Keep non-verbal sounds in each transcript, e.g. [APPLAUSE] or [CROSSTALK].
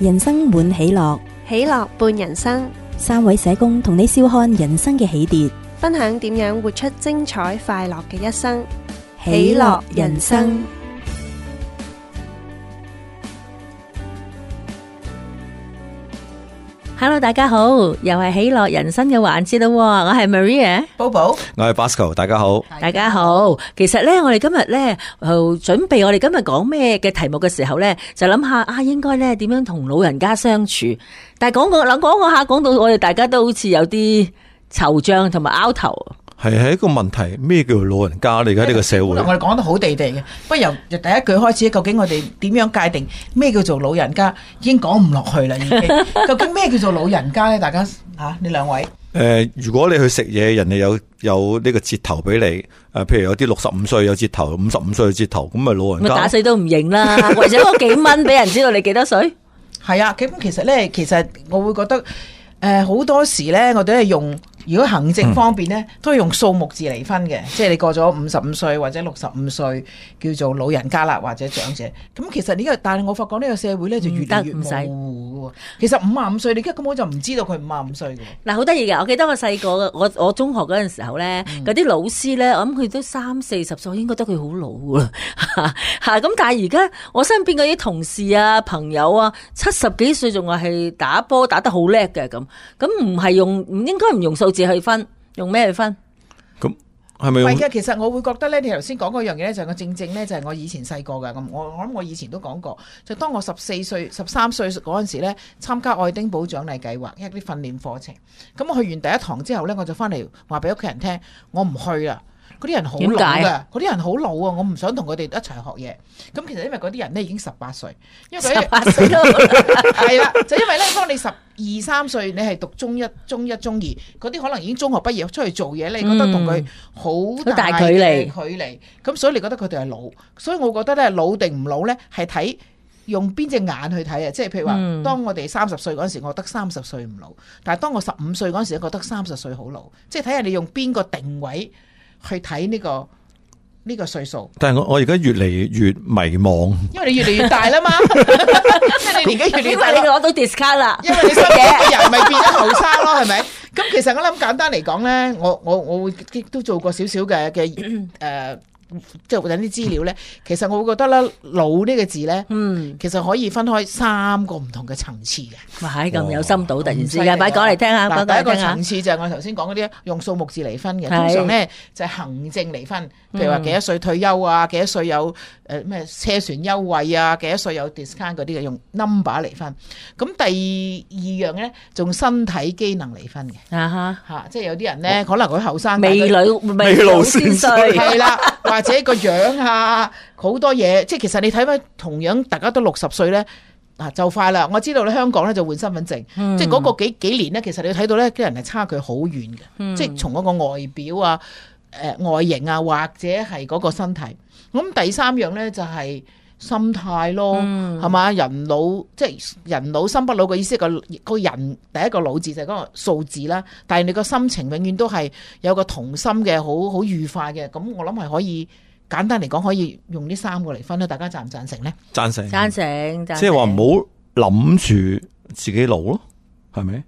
人生滿喜樂，喜樂伴人生。三位社工同你笑看人生嘅起跌，分享點樣活出精彩快樂嘅一生。喜樂人生。Hello，大家好，又係喜樂人生嘅環節啦，我係 Maria，Bobo，我係 Bosco，大家好，大家好。其實咧，我哋今日咧，誒，準備我哋今日講咩嘅題目嘅時候咧，就諗下啊，應該咧點樣同老人家相處。但係講個諗講下，講到我哋大家都好似有啲惆悵同埋拗頭。係係一個問題，咩叫做老人家嚟？你而家呢個社會，我哋講得好地地嘅。不由由第一句開始，究竟我哋點樣界定咩叫做老人家？已經講唔落去啦，已經。究竟咩叫做老人家咧？大家吓，你兩位？誒，如果你去食嘢，人哋有有呢個折頭俾你，誒，譬如有啲六十五歲有折頭，五十五歲有折頭，咁咪老人家？咪打死都唔認啦！為咗嗰幾蚊，俾人知道你幾多歲？係啊，其實咧，其實我會覺得，誒，好多時咧，我哋係用。如果行政方面咧都係用數目字嚟分嘅，即係你過咗五十五歲或者六十五歲叫做老人家啦，或者長者，咁其實呢個，但係我發覺呢個社會咧就越嚟越模糊。嗯其實五十五歲，你而家根本就唔知道佢五十五歲嘅。嗱，好得意嘅，我記得我細個我我中學嗰陣時候咧，嗰啲，嗯、老師咧，我諗佢都三四十歲，歲應該得佢好老啦。吓，咁，但係而家我身邊嗰啲同事啊，朋友啊，七十幾歲仲話係打波打得好叻嘅，咁，咁唔係用唔應該唔用數字去分，用咩去分？唔係嘅，其實我會覺得咧，你頭先講嗰樣嘢咧，就係我正正咧，就係我以前細個嘅咁。我我諗我以前都講過，就當我十四歲、十三歲嗰陣時咧，參加愛丁堡獎勵計劃一啲訓練課程。咁我去完第一堂之後咧，我就翻嚟話俾屋企人聽，我唔去啦。嗰啲人好老噶，嗰啲人好老啊！我唔想同佢哋一齊學嘢。咁其實因為嗰啲人咧已經十八歲，因為十八歲係啦，就因為咧，當你十二三歲，你係讀中一、中一、中二，嗰啲可能已經中學畢業出去做嘢、嗯、你覺得同佢好大距離，距離。咁所以你覺得佢哋係老，所以我覺得咧老定唔老咧係睇用邊隻眼去睇啊！即係譬如話，嗯、當我哋三十歲嗰時，我覺得三十歲唔老；但係當我十五歲嗰時咧，覺得三十歲好老。即係睇下你用邊個定位去睇呢個呢個歲數，但係我我而家越嚟越迷惘，因為你越嚟越大啦嘛，即係 [LAUGHS] [LAUGHS] 你年紀越嚟越大，你攞到 discount 啦，因為你身邊嘅人咪變咗後生咯，係咪 [LAUGHS] [LAUGHS] 咁其實我諗簡單嚟講咧，我我我會都做過少少嘅嘅誒。即係嗰啲資料咧，其實我會覺得咧，老呢個字咧，嗯，其實可以分開三個唔同嘅層次嘅。哇，係咁有深度，突然之間，快講嚟聽下，講嚟聽下。第一個層次就係我頭先講嗰啲用數目字嚟分嘅，通常咧就係行政嚟分，譬如話幾多歲退休啊，幾多歲有誒咩車船優惠啊，幾多歲有 discount 嗰啲嘅，用 number 嚟分。咁第二樣咧，仲身體機能嚟分嘅。啊哈嚇，即係有啲人咧，可能佢後生，美女，未老先衰，係啦。 [LAUGHS] 或者個樣啊，好多嘢，即係其實你睇翻同樣大家都六十歲咧，啊就快啦。我知道咧香港咧就換身份證，嗯、即係嗰個幾、幾年咧，其實你睇到咧啲人係差距好遠嘅，嗯、即係從嗰個外表啊、誒、呃、外形啊，或者係嗰個身體。咁第三樣咧就係、是。心態咯，係嘛、嗯？人老即係人老心不老嘅意思個，個個人第一個老字就係、是、嗰個數字啦。但係你個心情永遠都係有個童心嘅，好好愉快嘅。咁我諗係可以簡單嚟講，可以用呢三個嚟分啦。大家贊唔贊成呢？贊成，贊成，即係話唔好諗住自己老咯，係咪？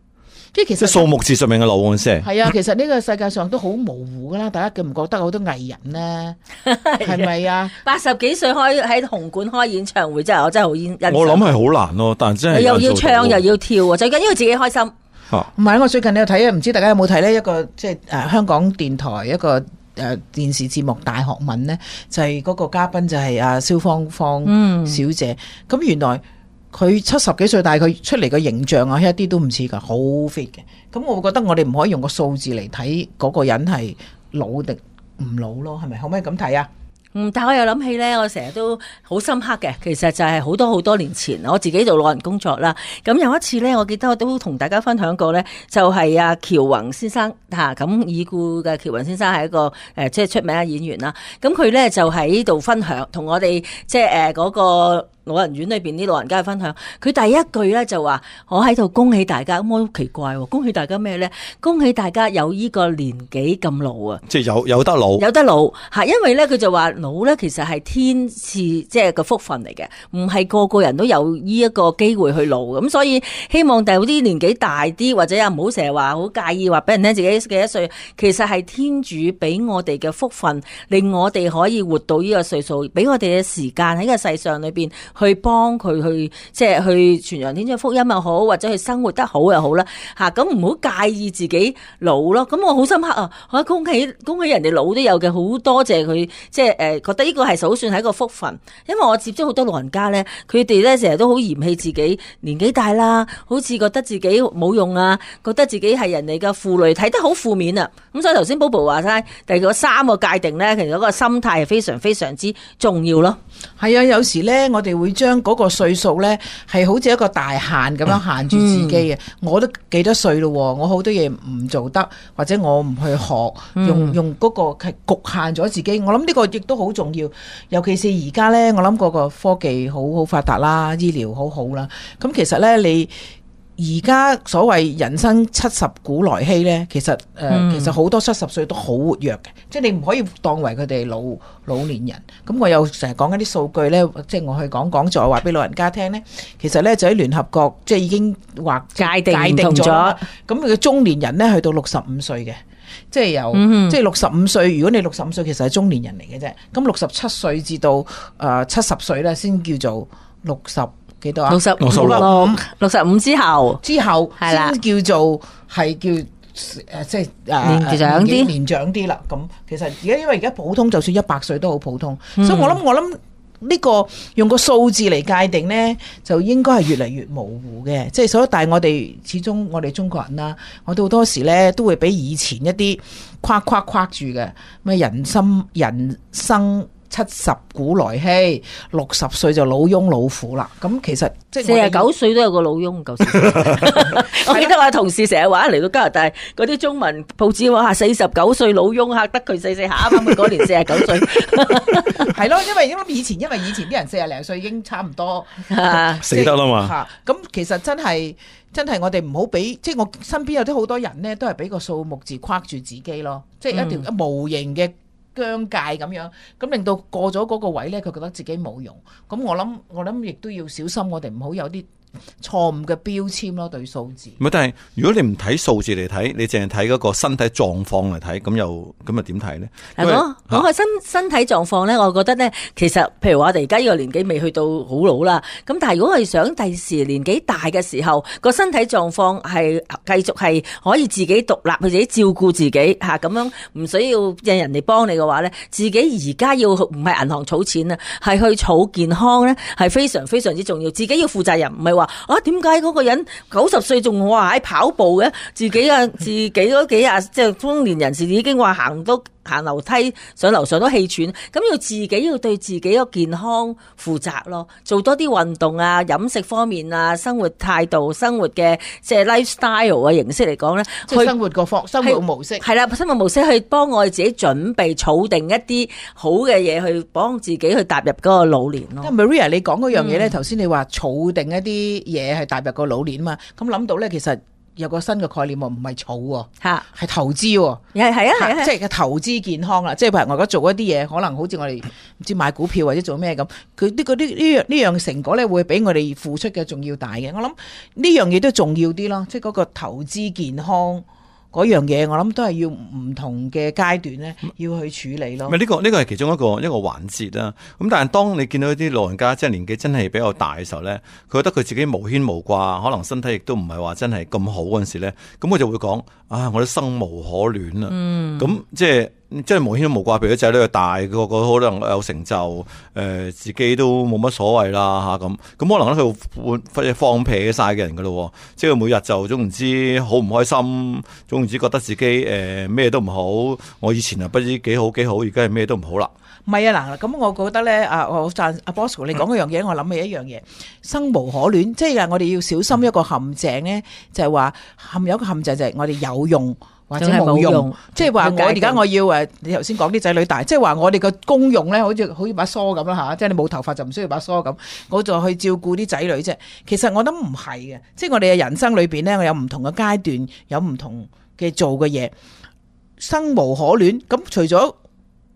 其實即係數目字上面嘅流亡聲。係啊，其實呢個世界上都好模糊噶啦，大家覺唔覺得好多藝人咧，係咪 [LAUGHS] 啊？八十幾歲開喺紅館開演唱會之後，真係我真係好煙。我諗係好難咯，但真係。又要唱又要跳啊！最近因為自己開心。嚇！唔係啊，我最近你有睇啊？唔知大家有冇睇呢一個即係誒香港電台一個誒、啊、電視節目《大學問》咧，就係、是、嗰個嘉賓就係阿、啊、蕭芳芳小姐。咁、嗯、原來。佢七十幾歲，但係佢出嚟個形象啊，我一啲都唔似㗎，好 fit 嘅。咁我會覺得我哋唔可以用個數字嚟睇嗰個人係老定唔老咯，係咪可唔可以咁睇啊？嗯，但係我又諗起咧，我成日都好深刻嘅，其實就係好多好多年前，我自己做老人工作啦。咁有一次咧，我記得我都同大家分享過咧，就係、是、阿、啊、喬宏先生嚇，咁、啊、已故嘅喬宏先生係一個誒、呃、即係出名嘅演員啦。咁佢咧就喺度分享，同我哋即係誒嗰個。老人院裏邊啲老人家嘅分享，佢第一句咧就話：我喺度恭喜大家。咁好奇怪喎！恭喜大家咩咧？恭喜大家有依個年紀咁老啊！即係有有得老，有得老嚇。因為咧，佢就話老咧其實係天賜，即係個福分嚟嘅，唔係個個人都有依一個機會去老嘅。咁所以希望第啲年紀大啲，或者又唔好成日話好介意話俾人聽自己幾多歲。其實係天主俾我哋嘅福分，令我哋可以活到呢個歲數，俾我哋嘅時間喺個世上裏邊。去幫佢去即係去傳揚天主嘅福音又好，或者係生活得好又好啦，吓，咁唔好介意自己老咯。咁我好深刻啊！我、啊、恭喜恭喜人哋老都有嘅，好多謝佢即係誒、呃、覺得呢個係首算係一個福分，因為我接觸好多老人家咧，佢哋咧成日都好嫌棄自己年紀大啦，好似覺得自己冇用啊，覺得自己係人哋嘅負累，睇得好負面啊。咁、嗯、所以頭先寶寶話齋，第三個界定咧，其實嗰個心態係非常非常之重要咯。係啊，有時咧我哋會將嗰個歲數呢，係好似一個大限咁樣限住自己嘅。嗯，我都幾多歲咯，我好多嘢唔做得，或者我唔去學用用嗰個係局限咗自己。我諗呢個亦都好重要，尤其是而家呢。我諗嗰個科技好好發達啦，醫療好好啦。咁其實呢，你。而家所謂人生七十古來稀呢，其實誒、呃、其實好多七十歲都好活躍嘅，即係你唔可以當為佢哋老老年人。咁我又成日講緊啲數據呢，即係我去講講座話俾老人家聽呢。其實呢，就喺聯合國即係已經劃界定咗。咁佢嘅中年人呢，去到六十五歲嘅，即係由、嗯、哼即係六十五歲。如果你六十五歲其實係中年人嚟嘅啫，咁六十七歲至到誒七十歲呢，先叫做六十。幾多啊？六十五咯，六十五之後，之後先叫做係的叫誒，即係誒，年，紀年長啲，年長啲啦。咁其實而家因為而家普通，就算一百歲都好普通。嗯、所以我諗，我諗呢個用個數字嚟界定咧，就應該係越嚟越模糊嘅。即係所以，但係我哋始終我哋中國人啦，我哋好多時咧都會畀以前一啲框框框住嘅咩人心、人生。人生七十古來稀，六十歲就老翁老婦啦。咁其實即係四十九歲都有個老翁。我記得我嘅同事成日話，嚟到加拿大嗰啲中文報紙話，嚇四十九歲老翁嚇，得佢四四下啊嘛。嗰年四十九歲，係咯，因為因為以前因為以前啲人四廿零歲已經差唔多死得啦嘛。咁其實真係真係我哋唔好俾，即係我身邊有啲好多人咧，都係俾個數目字框住自己咯，即係一條無形嘅。僵界咁樣，咁令到過咗嗰個位呢，佢覺得自己冇用。咁我諗，我諗亦都要小心我要，我哋唔好有啲錯誤嘅標籤咯，對數字。唔係，但係如果你唔睇數字嚟睇，你淨係睇嗰個身體狀況嚟睇，咁又咁啊點睇呢？我我個身身體狀況咧，我覺得呢，其實譬如話我哋而家呢個年紀未去到好老啦，咁但係如果係想第時年紀大嘅時候，個身體狀況係繼續係可以自己獨立，佢自己照顧自己吓，咁、啊、樣唔需要讓人嚟幫你嘅話呢，自己而家要唔係銀行儲錢啊，係去儲健康呢，係非常非常之重要，自己要負責任，唔係話。啊，點解嗰個人九十歲仲話喺跑步嘅？自己啊， [LAUGHS] 自己嗰幾啊，即係中年人士已經話行到。行樓梯上樓上都氣喘，咁要自己要對自己個健康負責咯。做多啲運動啊，飲食方面啊，生活態度、生活嘅即係 lifestyle 嘅形式嚟講咧，即係生活個方生活模式。係啦，生活模式去幫我哋自己準備儲定一啲好嘅嘢，去幫自己去踏入嗰個老年咯。咁 Maria，你講嗰樣嘢咧，頭先你話儲定一啲嘢係踏入個老年嘛？咁諗到咧，其實。有個新嘅概念喎，唔係儲喎，係投資喎，啊係啊，啊啊啊啊啊即係嘅投資健康啊，即係譬如我而家做一啲嘢，可能好似我哋唔知買股票或者做咩咁，佢呢個呢呢樣呢樣成果咧，會俾我哋付出嘅仲要大嘅，我諗呢樣嘢都重要啲咯，即係嗰個投資健康。嗰樣嘢我諗都係要唔同嘅階段咧，要去處理咯。呢、這個呢、這個係其中一個一個環節啦。咁但係當你見到一啲老人家即係年紀真係比較大嘅時候咧，佢、嗯、覺得佢自己無牽無掛，可能身體亦都唔係話真係咁好嗰陣時咧，咁佢就會講：啊，我都生無可戀啦、啊。咁、嗯、即係。即係無牽無掛，俾啲仔女大，個個可能有成就，誒、呃，自己都冇乜所謂啦吓咁。咁可能咧佢會放屁嘅晒嘅人噶咯，即係每日就總唔知好唔開心，總唔知覺得自己誒咩、呃、都唔好。我以前啊不知幾好幾好，而家係咩都唔好啦。唔係啊嗱，咁我覺得咧啊，Boss 嗯、我讚阿 Bosco 你講嗰樣嘢，我諗起一樣嘢，生無可戀，即、就、係、是、我哋要小心一個陷阱咧，就係話含有一個陷阱就係我哋有用。或者冇用，用即係話我而家我要誒，嗯、你頭先講啲仔女大，即係話我哋個功用咧，好似好似把梳咁啦吓，即係你冇頭髮就唔需要把梳咁，我就去照顧啲仔女啫。其實我諗唔係嘅，即係我哋嘅人生裏邊咧，我有唔同嘅階段，有唔同嘅做嘅嘢，生無可戀。咁除咗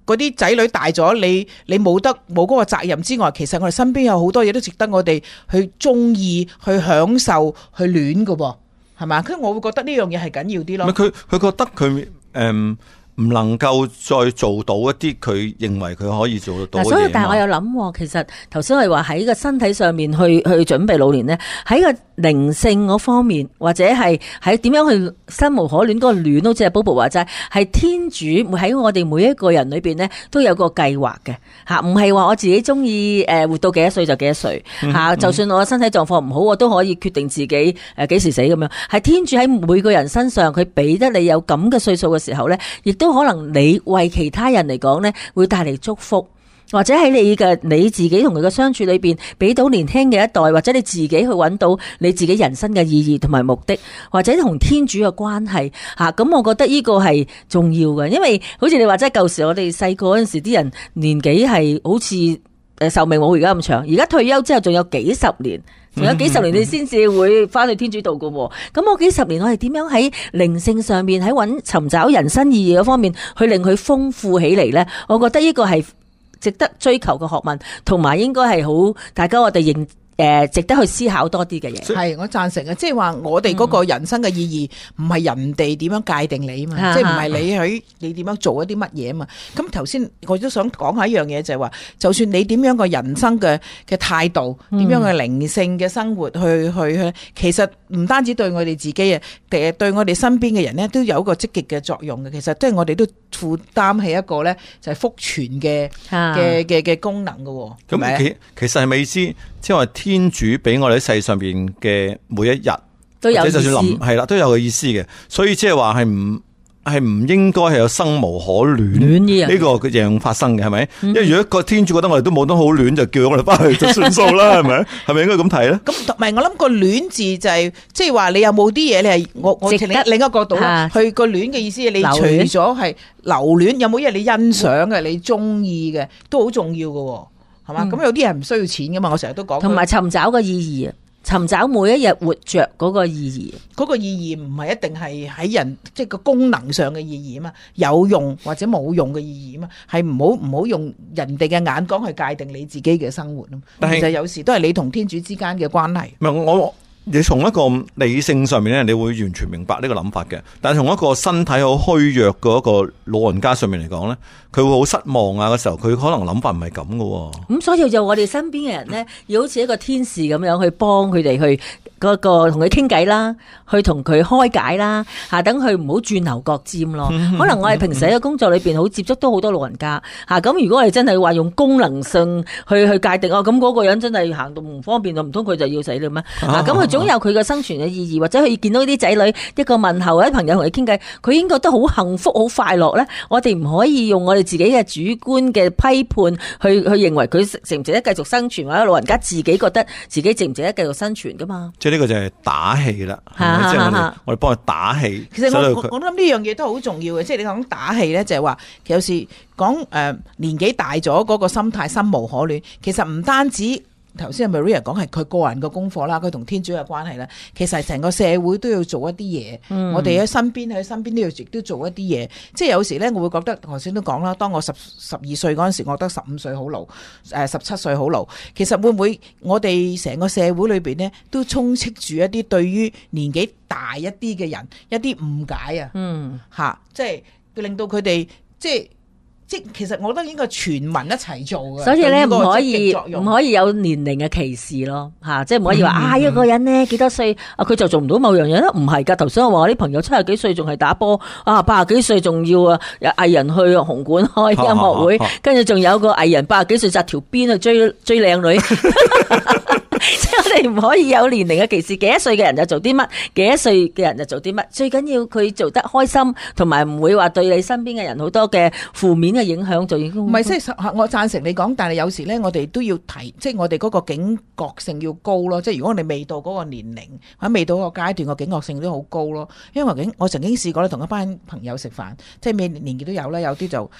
嗰啲仔女大咗，你你冇得冇嗰個責任之外，其實我哋身邊有好多嘢都值得我哋去中意、去享受、去戀噶噃。係嘛？佢我會覺得呢樣嘢係緊要啲咯。佢佢覺得佢誒。呃唔能夠再做到一啲佢認為佢可以做得到嘅，所以但係我有諗，其實頭先我話喺個身體上面去去準備老年咧，喺個靈性嗰方面或者係喺點樣去生無可戀嗰個戀，好似阿 Bobo 話齋，係天主喺我哋每一個人裏邊咧都有個計劃嘅吓，唔係話我自己中意誒活到幾多歲就幾多歲吓，嗯、就算我身體狀況唔好，嗯、我都可以決定自己誒幾時死咁樣，係天主喺每個人身上，佢俾得你有咁嘅歲數嘅時候咧，亦都。都可能你為其他人嚟講呢，會帶嚟祝福，或者喺你嘅你自己同佢嘅相處裏邊，俾到年輕嘅一代，或者你自己去揾到你自己人生嘅意義同埋目的，或者同天主嘅關係吓。咁、啊、我覺得呢個係重要嘅，因為好似你話齋，舊時我哋細個嗰陣時啲人年紀係好似誒，壽命冇而家咁長，而家退休之後仲有幾十年。仲有幾十年你先至會翻去天主道㗎，咁我幾十年我哋點樣喺靈性上面喺揾尋找人生意義嗰方面去令佢豐富起嚟咧？我覺得呢個係值得追求嘅學問，同埋應該係好大家我哋認。誒值得去思考多啲嘅嘢，係以我贊成啊！即係話我哋嗰個人生嘅意義，唔係人哋點樣界定你啊嘛，嗯、即係唔係你喺你點樣做一啲乜嘢啊嘛？咁頭先我都想講下一樣嘢，就係、是、話，就算你點樣個人生嘅嘅態度，點樣嘅靈性嘅生活去去去，其實。唔單止對我哋自己啊，誒對我哋身邊嘅人咧，都有一個積極嘅作用嘅。其實即係我哋都負擔起一個咧，就係福傳嘅嘅嘅嘅功能嘅喎。咁其其實係咪意思，即係話天主俾我哋喺世上邊嘅每一日都有意思，你就算諗，係啦都有個意思嘅。所以即係話係唔。係唔應該係有生無可戀呢個嘅樣發生嘅係咪？因為如果個天主覺得我哋都冇得好戀，就叫我哋翻去就算數啦，係咪？係咪應該咁睇咧？咁唔係我諗個戀字就係即係話你有冇啲嘢你係我我從另一另一個角度啦，佢個戀嘅意思，你除咗係留戀，有冇嘢你欣賞嘅，你中意嘅都好重要嘅，係嘛？咁有啲人唔需要錢噶嘛，我成日都講同埋尋找個意義。尋找每一日活着嗰個意義，嗰個意義唔係一定係喺人即係個功能上嘅意義啊嘛，有用或者冇用嘅意義啊嘛，係唔好唔好用人哋嘅眼光去界定你自己嘅生活咯。但係其實有時都係你同天主之間嘅關係。唔係我。我你從一個理性上面咧，你會完全明白呢個諗法嘅。但係從一個身體好虛弱嘅一個老人家上面嚟講咧，佢會好失望啊！嗰時候佢可能諗法唔係咁㗎。咁、嗯、所以就我哋身邊嘅人咧，要好似一個天使咁樣去幫佢哋去。個個同佢傾偈啦，去同佢開解啦，吓等佢唔好轉牛角尖咯。 [MUSIC] 可能我哋平時喺工作裏邊好接觸到好多老人家，吓，咁如果我哋真係話用功能性去去界定哦，咁嗰個人真係行動唔方便咯，唔通佢就要死啦咩？咁佢、啊啊、總有佢嘅生存嘅意義，或者佢見到啲仔女一個問候，或者朋友同佢傾偈，佢已經覺得好幸福、好快樂咧。我哋唔可以用我哋自己嘅主觀嘅批判去去認為佢值唔值得繼續生存，或者老人家自己覺得自己值唔值得繼續生存噶嘛？ [MUSIC] 呢個就係打氣啦，即係 [MUSIC] 我哋 [MUSIC] 我哋幫佢打氣。其實我我諗呢樣嘢都好重要嘅，即係你講打氣咧，就係話有時講誒、呃、年紀大咗嗰、嗰個心態心無可戀，其實唔單止。頭先係咪 Maria 講係佢個人嘅功課啦？佢同天主嘅關係啦。其實成個社會都要做一啲嘢，mm. 我哋喺身邊喺身邊都要亦都做一啲嘢。即係有時咧，我會覺得頭先都講啦。當我十十二歲嗰陣時，我覺得十五歲好老，誒、呃、十七歲好老。其實會唔會我哋成個社會裏邊咧，都充斥住一啲對於年紀大一啲嘅人一啲誤解啊？嗯，嚇，即係令到佢哋即係。即其實，我覺得應該全民一齊做嘅。所以咧，唔可以唔可以有年齡嘅歧視咯，嚇！即係唔可以話、嗯哎這個、啊，一個人咧幾多歲啊，佢就做唔到某樣嘢咧？唔係㗎，頭先我話我啲朋友七十幾歲仲係打波，啊八十幾歲仲要啊，有藝人去紅館開音樂會，跟住仲有個藝人八十幾歲紮條辮去追追靚女。 [LAUGHS] [LAUGHS] [LAUGHS] 即係我哋唔可以有年齡嘅歧視，幾多歲嘅人就做啲乜，幾多歲嘅人就做啲乜。最緊要佢做得開心，同埋唔會話對你身邊嘅人好多嘅負面嘅影響。做唔係，即係我贊成你講，但係有時咧，我哋都要提，即係我哋嗰個警覺性要高咯。即係如果你未到嗰個年齡，喺未到個階段，個警覺性都好高咯。因為警，我曾經試過咧，同一班朋友食飯，即係咩年紀都有咧，有啲就。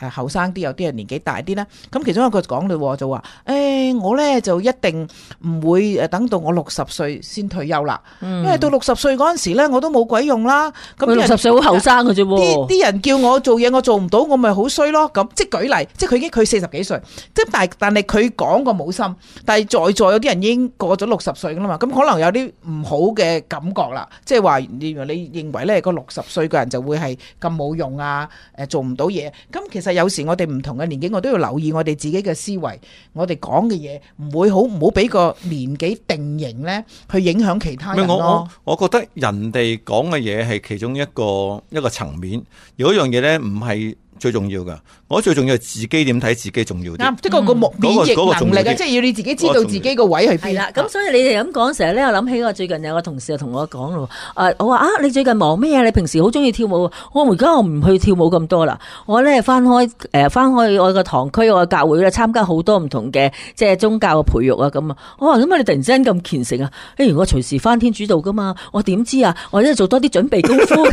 誒後生啲，有啲人年紀大啲咧。咁其中一個就講嘞，就話：誒我咧就一定唔會誒等到我六十歲先退休啦。因為到六十歲嗰陣時咧，我都冇鬼用啦。咁六十歲好後生嘅啫喎。啲人叫我做嘢，我做唔到，我咪好衰咯。咁即係舉例，即係佢已經佢四十幾歲。即係但係，但係佢講過冇心。但係在座有啲人已經過咗六十歲噶啦嘛。咁可能有啲唔好嘅感覺啦。即係話你你認為咧個六十歲嘅人就會係咁冇用啊？誒做唔到嘢。咁其實。有時我哋唔同嘅年紀，我都要留意我哋自己嘅思維，我哋講嘅嘢唔會好唔好俾個年紀定型咧，去影響其他人。我我覺得人哋講嘅嘢係其中一個一個層面，有一樣嘢咧唔係最重要㗎。我最重要係自己點睇自己重要啲，即係個個免免疫能力，即係要你自己知道自己位個位係邊。係啦，咁所以你哋咁講，成日咧，我諗起我最近有個同事就同我講咯，誒、啊，我話啊，你最近忙咩啊？你平時好中意跳舞，我而家我唔去跳舞咁多啦。我咧翻開誒，翻、呃、開我個堂區，我個教會咧，參加好多唔同嘅即係宗教嘅培育啊咁啊。我話咁啊，你突然之間咁虔誠啊？如果隨時翻天主道噶嘛，我點知啊？我都要做多啲準備功夫。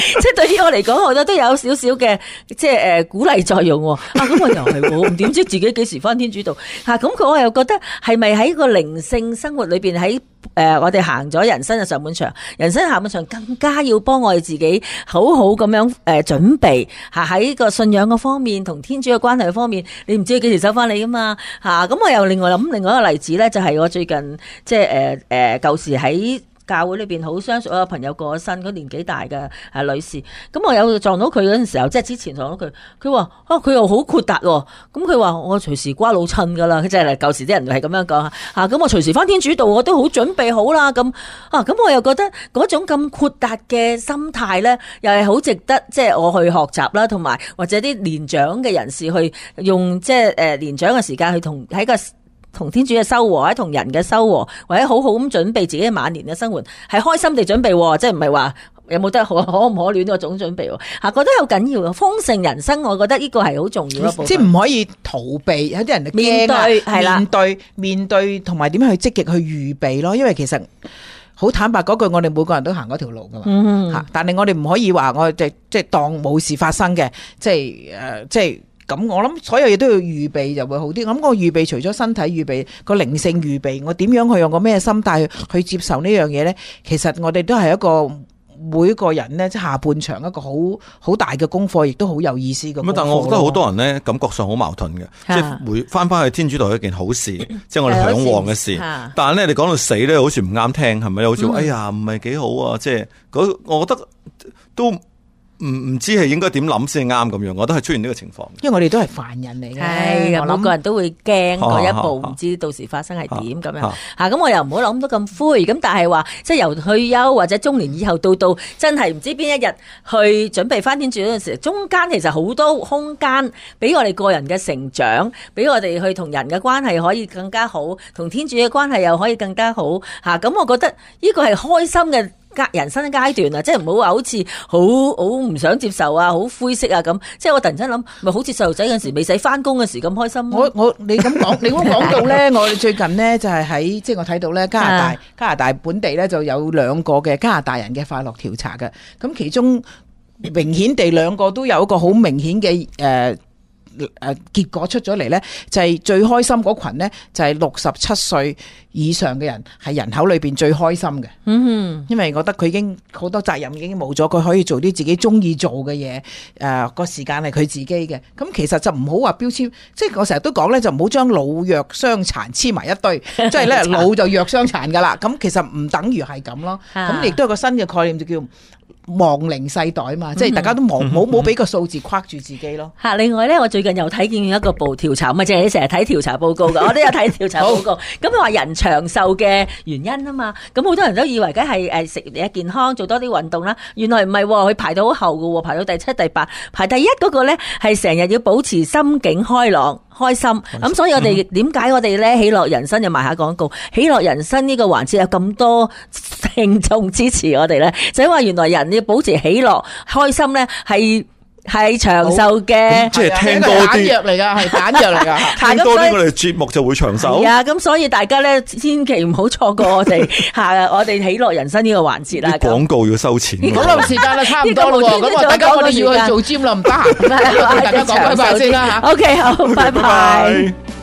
即係 [LAUGHS] [LAUGHS] [LAUGHS] 對於我嚟講，我覺得都有少少嘅即係誒。呃鼓勵作用喎、啊，啊咁我又係，我唔點知自己幾時返天主度，吓咁佢我又覺得係咪喺個靈性生活裏邊喺誒我哋行咗人生嘅上半場，人生下半場更加要幫我哋自己好好咁樣誒準備，吓、啊、喺個信仰嘅方面同天主嘅關係方面，你唔知幾時收翻嚟噶嘛，吓、啊、咁我又另外諗另外一個例子咧，就係、是、我最近即係誒誒舊時喺。教會裏邊，好相熟，我有朋友過咗身，佢年紀大嘅啊女士，咁我有撞到佢嗰陣時候，即係之前撞到佢，佢話，哦、啊、佢又好豁達喎，咁佢話，我隨時瓜老襯㗎喇，即係舊、啊、時啲人係咁樣講吓，咁我隨時返天主道，我都好準備好啦，咁啊，咁、啊、我又覺得嗰種咁豁達嘅心態咧，又係好值得即係我去學習啦，同埋或者啲年長嘅人士去用即係誒、呃、年長嘅時間去同喺個。同天主嘅修和，或者同人嘅修和，或者好好咁準備自己嘅晚年嘅生活，係開心地準備，即係唔係話有冇得好可唔可戀嗰種準備，吓覺得好緊要啊！豐盛人生，我覺得呢個係好重要一部分，即係唔可以逃避，有啲人嚟面對，係啦，面對面對，同埋點樣去積極去預備咯？因為其實好坦白嗰句，我哋每個人都行嗰條路噶嘛，吓、嗯、哼但係我哋唔可以話我即即係當冇事發生嘅，即係誒即係。呃就是咁我諗所有嘢，都要預備就會好啲。咁我預備除咗身體預備，個靈性預備，我點樣去用個咩心態去接受呢樣嘢咧？其實我哋都係一個每一個人咧，即係下半場一個好好大嘅功課，亦都好有，有意思嘅。咁但係我覺得好多人咧，感覺上好矛盾嘅，的即係回翻翻去天主教係一件好事，即係的我哋嚮往嘅事。的但係咧，你講到死咧，好似唔啱聽，係咪？好似、嗯、哎呀，唔係幾好啊！即係我覺得都。唔唔知係應該點諗先啱咁樣，我都係出現呢個情況。因為我哋都係凡人嚟嘅，每唉想個人都會驚嗰、啊、一步，唔知到時發生係點咁樣。吓，咁我又唔好諗得咁灰。咁但係話，即係由退休或者中年以後到到真係唔知邊一日去準備翻天主嗰陣時，中間其實好多空間俾我哋個人嘅成長，俾我哋去同人嘅關係可以更加好，同天主嘅關係又可以更加好。吓、啊、咁，我覺得呢個係開心嘅。階人生嘅階段啊，即係唔好話好似好好唔想接受啊，好灰色啊咁。即係我突然間諗，咪好似細路仔嗰時未使翻工嘅時咁開心我。我我你咁講，你講到咧， [LAUGHS] 我最近呢，就係喺即係我睇到咧加拿大 [LAUGHS] 加拿大本地咧就有兩個嘅加拿大人嘅快樂調查嘅，咁其中明顯地兩個都有一個好明顯嘅誒。呃誒，結果出咗嚟咧，就係、是、最開心嗰群咧，就係六十七歲以上嘅人，係人口裏邊最開心嘅。嗯，因為我覺得佢已經好多責任已經冇咗，佢可以做啲自己中意做嘅嘢。誒、呃，個時間係佢自己嘅。咁其實就唔好話標籤，即係我成日都講咧，就唔好將老弱傷殘黐埋一堆。即係咧，老就弱傷殘噶啦。咁其實唔等於係咁咯。咁亦都有個新嘅概念就叫。亡靈世代嘛，即係大家都望，唔好唔俾個數字框住自己咯。吓，另外咧，我最近又睇見一個部調查，咪即係你成日睇調查報告嘅，我都有睇調查報告。咁佢話人長壽嘅原因啊嘛，咁好多人都以為梗係誒食嘢健康，做多啲運動啦。原來唔係，佢、哦、排到好後嘅，排到第七、第八，排第一嗰個咧係成日要保持心境開朗、開心。咁心所以我哋點解我哋咧喜樂人生就賣下廣告？喜樂人生呢個環節有咁多。聽眾支持我哋咧，就話、係、原來人要保持喜樂、開心咧，係係長壽嘅。即係聽多啲，藥嚟噶，係彈藥嚟噶。聽多啲我哋節目就會長壽。啊， [LAUGHS] 咁所以大家咧，千祈唔好錯過我哋吓， [LAUGHS] 我哋喜樂人生呢個環節啦。廣告要收錢，好耐 [LAUGHS] 時間啦，差唔多喎。咁大家我哋要去做尖啦，唔得閒。大家講翻晒先啦，吓。OK，好，拜拜 okay, bye bye bye。